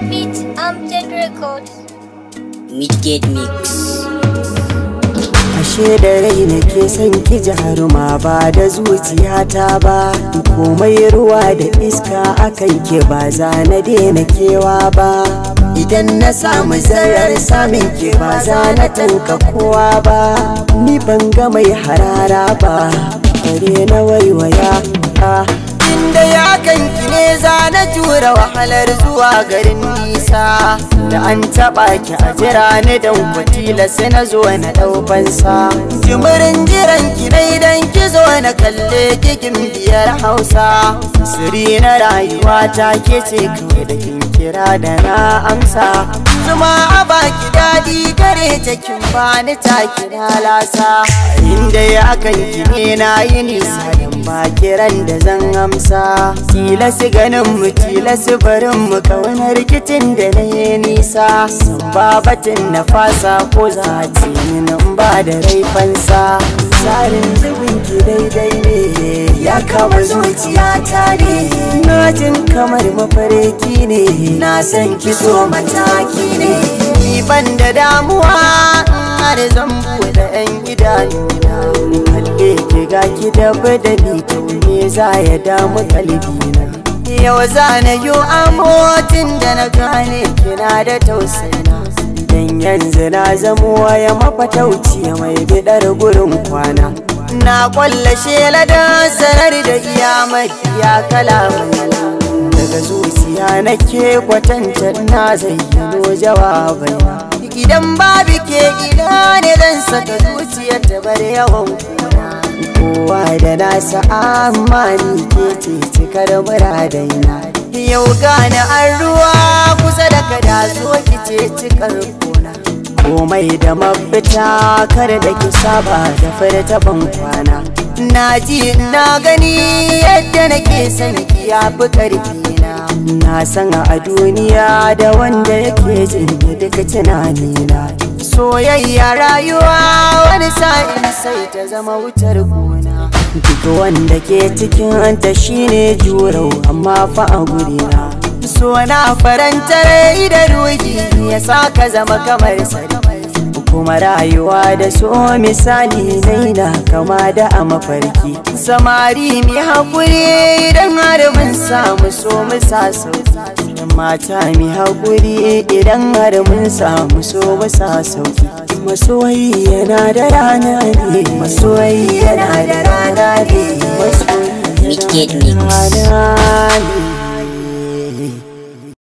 Meet Amped Records. Mix. Ashe da rai nake son ki jaruma ba da zuciyata ba komai ruwa da iska akan ke ba za na daina kewa ba idan na samu zarar samin ke ba za na tanka kowa ba ni ban ga mai harara ba bare na waiwaya ah. inda ya ki ne za na jura wahalar zuwa garin nisa da an taba ki a jira ni dan kwatila sai na zo na dau fansa jimirin jiran ki ne idan ki zo na kalle kigin biyar hausa siri na rayuwa ta ke ce kawai da kin kira da na amsa zuma a baki daɗi gare ta kin bani ta kira lasa inda ya ki ne na yi nisa da ba kiran da zan amsa kila su ganin mu kila su barin mu rikicin da na yi nisa sun babatin na fasa ko za ce ba da raifansa tsarin zubin ki daidai ne ya kama zuciya ta ne na jin kamar mafarki ne na san ki so mataki ne ni ban da damuwa har zan da ɗan idanuna Halle ki ga ki dafa da ni to me za ya damu kalbina Yau za na yi amotin da na gane kina da tausayina Dan yanzu na zamo waya mafatauciya mai bidar gurin kwana Na kwalla shela da sanar da iya mafiya kalamai Daga zuciya ke kwatanta na zayyano jawabaina idan babu ke ina ne zan saka zuciyar da bar yawan kowa da nasa amani ke ce cikar muradaina yau gane an ruwa kusa da da so ki ce cikar kona komai da mafita kar da ki saba da furta ban kwana na ji na gani yadda nake son ki ya fi karfi na san a duniya da wanda yake jin duka tunanina soyayya rayuwa wani sa'in sai ta zama wutar gona duk wanda ke cikin anta shine jurau amma fa a gurina so na faranta idan ruhi ya saka zama kamar sarki kuma rayuwa da so misali na kama da a mafarki samari mai haƙuri idan har mun samu so mu sa sauki mata mai haƙuri idan har mun samu so mu sa sauki masoyi yana da rana ne masoyi yana da rana ne masoyi yana da rana ne